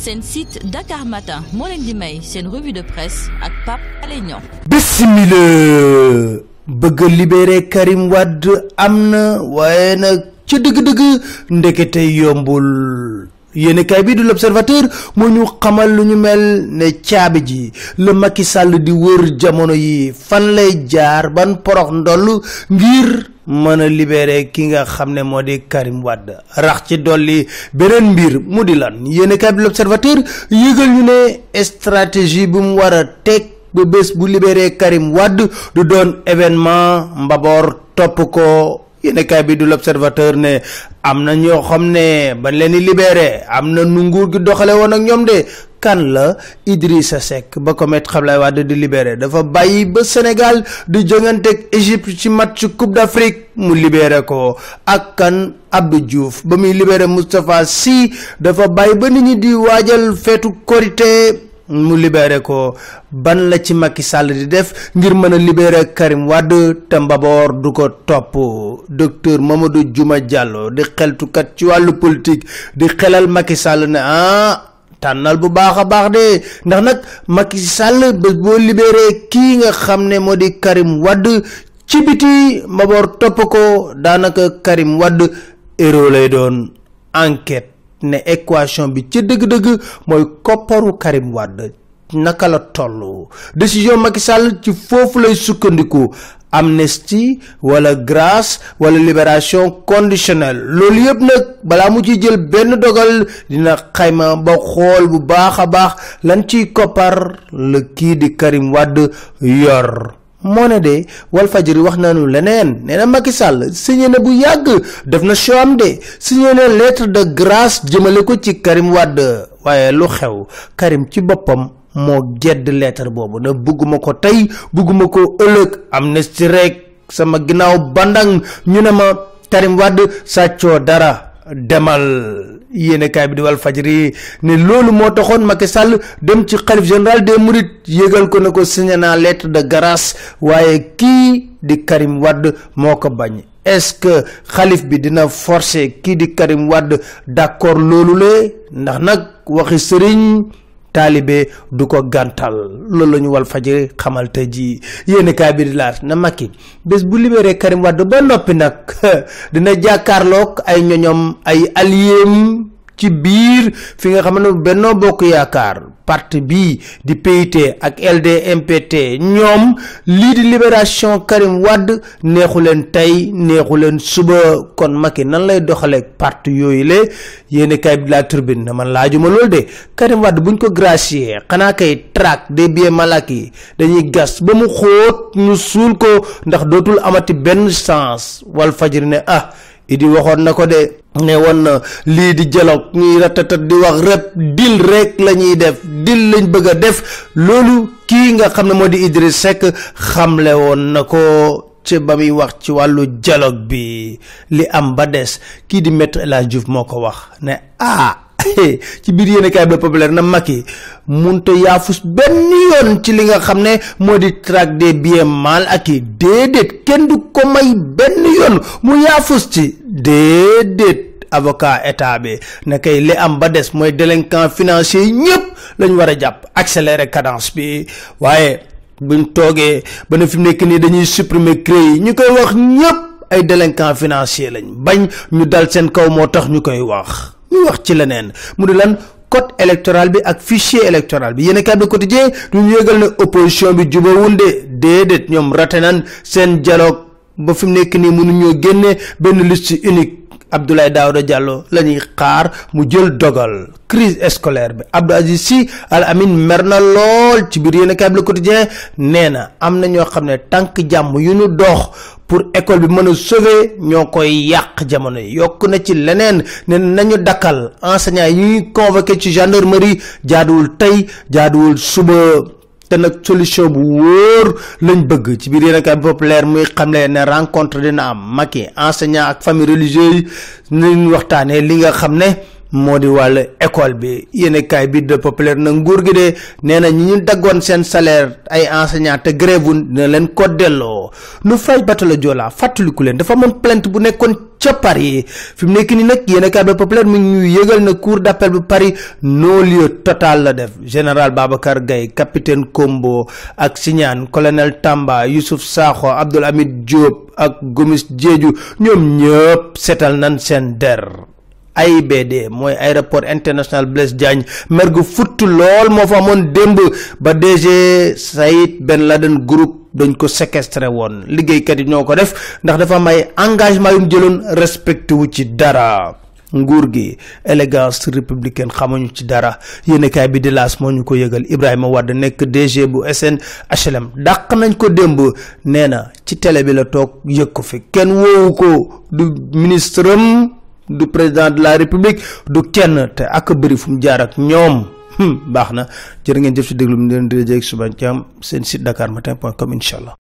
Sen site Dakar Matin moo leen Sen may seen revue de presse ak Pape Alé bismillah bëgg libéré Karim Wade amna na waaye nag ci dëgg-dëgg ndekete yombul yene kay bi du l'observateur mo ñu xamal lu ñu mel ne ciabi ji le Macky Sall di wër jamono yi fan lay jaar ban porox ndoll ngir mën a libéré ki nga xam ne karim wad rax ci dolli beneen mbir mu di lan yéene kaay bi l'observateur yëgal ñu ne stratégie bu mu war a teg ba bu libéré karim wad du don événement mbabor topp ko yene kay bi du l'observateur ne amna ño xamne ban leen libéré amna nu nguur gi doxale won ak ñom de kan la Idrissa sek, ba ko met xablay wad di libéré dafa bayyi ba Sénégal di jëngante ak Égypte ci match Coupe d'Afrique mu libéré ko ak kan Abdou Diouf ba muy libéré dafa bayyi ba nit ñi di wajal fetu korité mu libéré ko ban la ci Macky Sall di def ngir mën libéré Karim Wade te mbaboor du ko topp docteur Mamadou Juma Diallo di xeltukat ci wàllu politique di xelal Macky Sall ne ah tanal bu baax a baax de ndax nag Macky Sall bés boo libéré nga xam ne di Karim Wade ci biti mbaboor topp ko daanaka Karim Wade héros lay doon enquête ne équation bi ci dëgg-dëgg mooy kopparu karim wadd naka la toll décision Macky Sall ci foofu lay sukkandiku amnesty wala grâce wala libération conditionnelle loolu yëpp nag balaa mu ci jël benn dogal dina xayma ba xool bu baax a baax lan ciy koppar la kii di karim wadd yor moo ne de walfajiri wax nañu leneen nee na Macky Sall signé na bu yàgg def na choam de signé na lettre de grâce jëmale ko ci Karim Wade waaye lu xew Karim ci boppam moo gedd lettre boobu na bugguma ko tey bugguma ko ëllëg rek sama ginnaaw bandang ñu ne ma Karim Wade sàccoo dara demal yene kay bi di wal fajri ne lolu mo taxone Macky Sall dem ci khalif général des mourides yegal ko nako na lettre de grâce waye ki di Karim Wad moko bagn est-ce que khalif bi dina forcer ki di Karim Wad d'accord lolu le ndax nak waxi serigne talibé du ko gantal loolu lañu wal kamal xamal te ji yene ka bi laat na makki bes bu libéré karim wad ba noppi nak dina jakarlok ay ñoñom ay alliés ci biir fi nga xamne benno bokk yaakar parti bi di PIT ak LDMPT nyom lii di libération Karim Wade neexu leen tey neexu leen suba kon Macky nan lay doxalee parti yooyu le kay bi la turbine na man laajuma loolu de Karim Wade buñ ko gracier xanaa kay track des biens malak dañuy gas ba mu xóot ñu suul ko ndax amati benn wal fajir ne ah idi waxon nako de ne won li di dialogue ñi ratatat di wax rep dil rek lañuy def dil lañ bëgg def lolu ki nga xamne modi idris sek xamle won nako ci bami wax ci walu bi li am ba dess ki di maître elage diouf moko wax ne ah ci biir yene kay populaire na maki munta yaafus benn yoon ci li nga xam ne moo di traque des biens mal acquis déedéet kenn du ko may benn yoon mu yaafus ci déedéet avocat état bi ne kay li am ba des mooy délinquant financier ñëpp lañ war a jàpp accélérer cadence bi waaye buñ toogee ba ne fi mu nekk dañuy supprimer créé ñu wax ñëpp ay délinquant financier lañ bañ ñu dal seen kaw moo tax wax ñu wax ci leneen mu di lan code électoral bi ak fichier électoral bi yene kable quotidien duñu yegal ne opposition bi juba de déedéet ñoom rate nan sen dialogue ba fi mu nekk nii mënu ñoo génne benn liste unique Abdoulaye Daouda Diallo lañuy xaar mu jël dogal crise scolaire bi Abdou Aziz Al Amin mer na lool ci biir nena câble quotidien neena am na ñoo xam ne tànk jàmm yu ñu dox pour école bi mëna sauver ñoo koy yàq jamono yokk na ci leneen ne nañu dakkal enseignant yi ñuy convoqué ci gendarmerie jaaduwul tey jaaduwul suba té nak solution bu wor lañ bëgg ci biir yéna kay populaire muy xamlé né rencontre dina am maki enseignant ak famille religieuse ñu waxtané li nga xamné modi walu école bi yene kay bi de populaire na nguur gi de neena ñi ñu daggon sen salaire ay enseignant te grèveun dina len ko dello nu fay batalo jola fatuluku len dafa mon plainte bu nekkon ca paris fim nekk ni nak yene kay be populaire mu ñu yegal na cour d'appel bu paris no lieu total la def général babacar gay capitaine combo ak signan colonel tamba Yusuf sakho abdul hamid diop ak gomis jeju ñom ñep setal nan sen der ay AIBD mooy aéroport international Blaise Diagne mer gu futt lool moo fa amoon démb ba DG Saïd benn Laden group dañ ko séquestré woon liggéeykat yi ñoo ko def ndax dafa may engagement yu mu jëloon respecté wu ci dara nguur gi élégance républicaine xamuñu ci dara yéenekaay bi di laas moo ñu ko yëgal Ibrahima Wade nekk DG bu SN HLM dàq nañ ko démb nee na ci télé bi la toog yëg ko fi kenn woowu ko du ministre du président de la république du kenn te ak bëri fu mu jaar ak ñoom hmm, baax na jërë ngeen jëf ci déglu mu leen di dajeeg suba jàmm seen site dakar matin point com incha